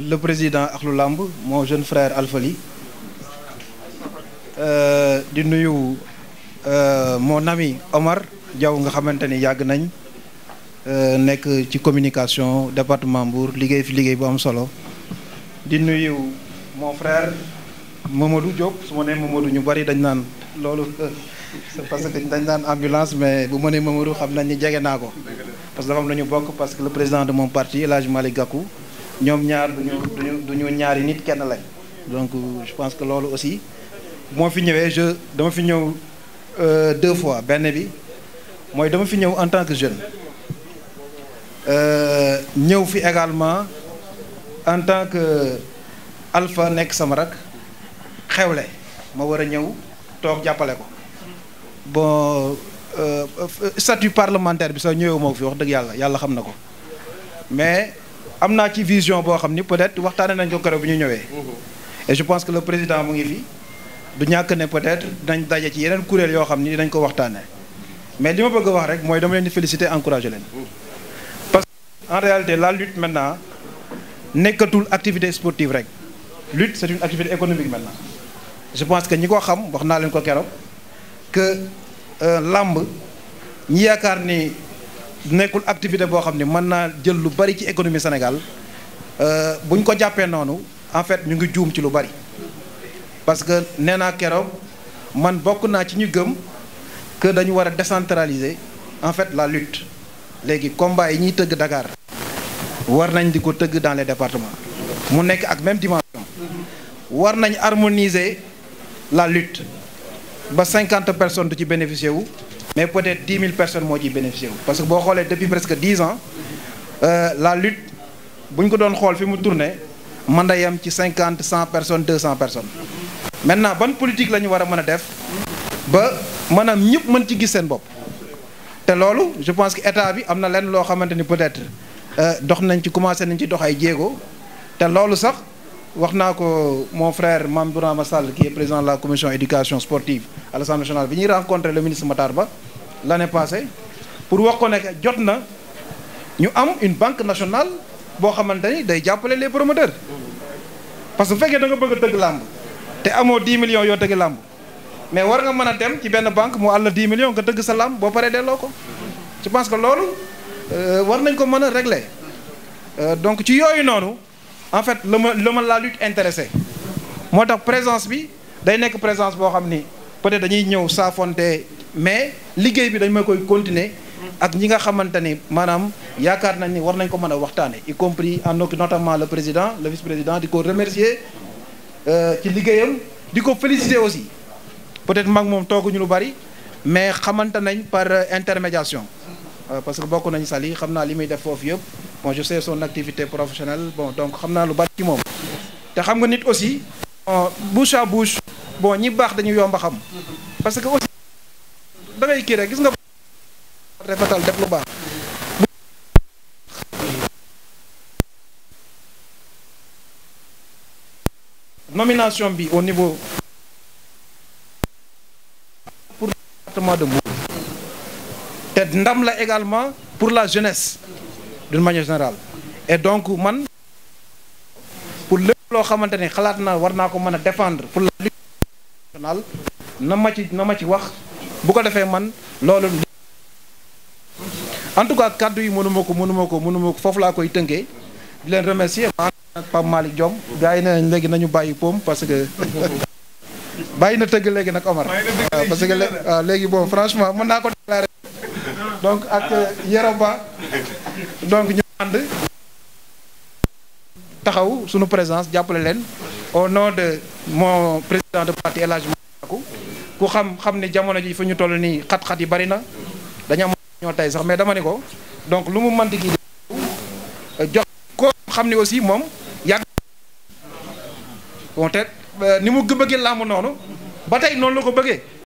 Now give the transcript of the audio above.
le président Ahlou Lamb mon jeune frère Alfali euh, di nuyu euh, mon ami Omar jaw nga xamante ni yàgg nañ euh, nekk ci communication département Mbour liggéey fi liggéey bu am solo di nuyu mon frère Mamadou Diop su ma nee Mamadou ñu bari dañ naan loolu c'est parce que dañ naan ambulance mais bu ma nee Mamadou xam nañ ni jege naa ko parce que dafa am la bokk parce que le président de mon parti El Hadj Malick ñoom ñaar duñu duñu duñu ñaari nit kenn lañ donc je pense que loolu aussi moo fi ñëwee je dama fi ñëw euh, deux fois benn bi mooy dama fi ñëw en tant que jeune euh, ñëw fi également en tant que alpha nekk sama rak xewle ma war a ñëw toog jàppale ko bon euh, statut parlementaire bi soo ñëwee moo fi wax dëgg yàlla yàlla xam na ko mais am naa ci vision boo xam ni peut-être waxtaane nañ ko keroog bu ñu ñëwee. Mm-hmm. et je pense que le président mu ngi fi du ñàkk ne peut-être dañ daje ci yeneen kuréel yoo xam ni dinañ ko waxtaane mais li ma bëgg a wax rek mooy dama leen di féliciter encourager leen. Mm-hmm. parce que en réalité la lutte maintenant nekkatul activité sportive rek lutte c'est une activité économique maintenant je pense que ñi ko xam wax naa leen ko keroog que euh, làmb ñi yaakaar ni. nekkul activité boo xam ne mën naa jël lu bari ci économie Sénégal euh, bu ñu ko jàppee noonu en fait ñu ngi juum ci lu bari parce que nee naa keroog man bokk naa ci ñu gëm que dañu war a décentraliser en fait la lutte léegi combat yi ñuy tëgg Dakar war nañ di ko tëgg dans les départements mu nekk ak même dimension war nañ harmoniser la lutte ba cinquante personnes du ci bénéficier wu mais peut-être 10 000 personnes moo ciy bénéficié wu parce que boo xoolee depuis presque 10 ans euh, la lutte bu ko doon xool fi mu tourné mën na yem ci 50 100 personnes cent personnes maintenant ban politique la ñu war a mën a def ba maanaam ñëpp mën ci gis seen bopp te loolu je pense que état bi am na lenn loo xamante ni peut-être euh, dox nañ ci commencé nañ ci dox ay jéego te loolu sax. wax naa ko mon frère Mame Bourama Sall qui est président de la commission éducation sportive à l'Assemblée nationale bi ñuy rencontré le ministre Matar Ba l'année passée pour wax ko ne jot na ñu am une banque nationale boo xamante ni day jàppale les promoteurs parce que bu fekkee da nga bëgg a tëgg làmb te amoo 10 millions yoo tëgg làmb mais war nga mën a dem ci benn banque mu àll 10 millions nga tëgg sa làmb boo paree delloo ko je pense que loolu euh, war nañ ko mën a régler euh, donc ci yooyu noonu en fait la ma la lut la intéressé moo tax présence bi day nekk présence boo xam ni peut-être dañuy ñëw saafonte mais liggéey bi dañ ma koy continuer ak ñi nga xamante ni maanaam yaakaar nañ ni war nañ ko mën a waxtaane y compris en notamment le président le vice-président di ko remercier euh, ci liggéeyam di ko féliciter aussi peut-être mag moom tooguñu lu bari mais xamante nañ par intermédiation euh, parce que bokk nañ sali xam naa li muy def foofu yëpp bon je sais son activité professionnelle donc xam naa lu bari ci moom te xam nga nit aussi bon bouche à bouche bon ñi baax dañu yomba xam parce que aussi da ngay kii rek gis nga lu baax nomination bi au niveau pour département de Mbour te ndam la également pour la jeunesse d'une manière générale et donc man pour lépp loo xamante ne xalaat na war naa ko mën a défendre pour la lutte nationale na ma ci na ma ci wax bu ko defee man loolu en tout cas kàddu yi mënuma ko mënuma ko mënuma ko foofu laa koy tënkee di leen remercier ma ak Pape Malick léegi nañu bàyyi poom parce que bàyyi na tëgg léegi nag Omar parce que ah, léegi bon franchement mën naa ko déclarer donc ak euh, Yeroba donc ñu ànd taxaw suñu présence jàppale leen au nom de mon président de parti El Hadj Makou ku xam xam ne jamono ji fu ñu toll nii xat-xat yi bari na dañu am ñoo tey sax mais dama ne ko donc lu mu manti gi jox ko xam ne aussi moom yàgg bon te euh, ni mu bëggee làmb noonu ba tey noonu la ko bëggee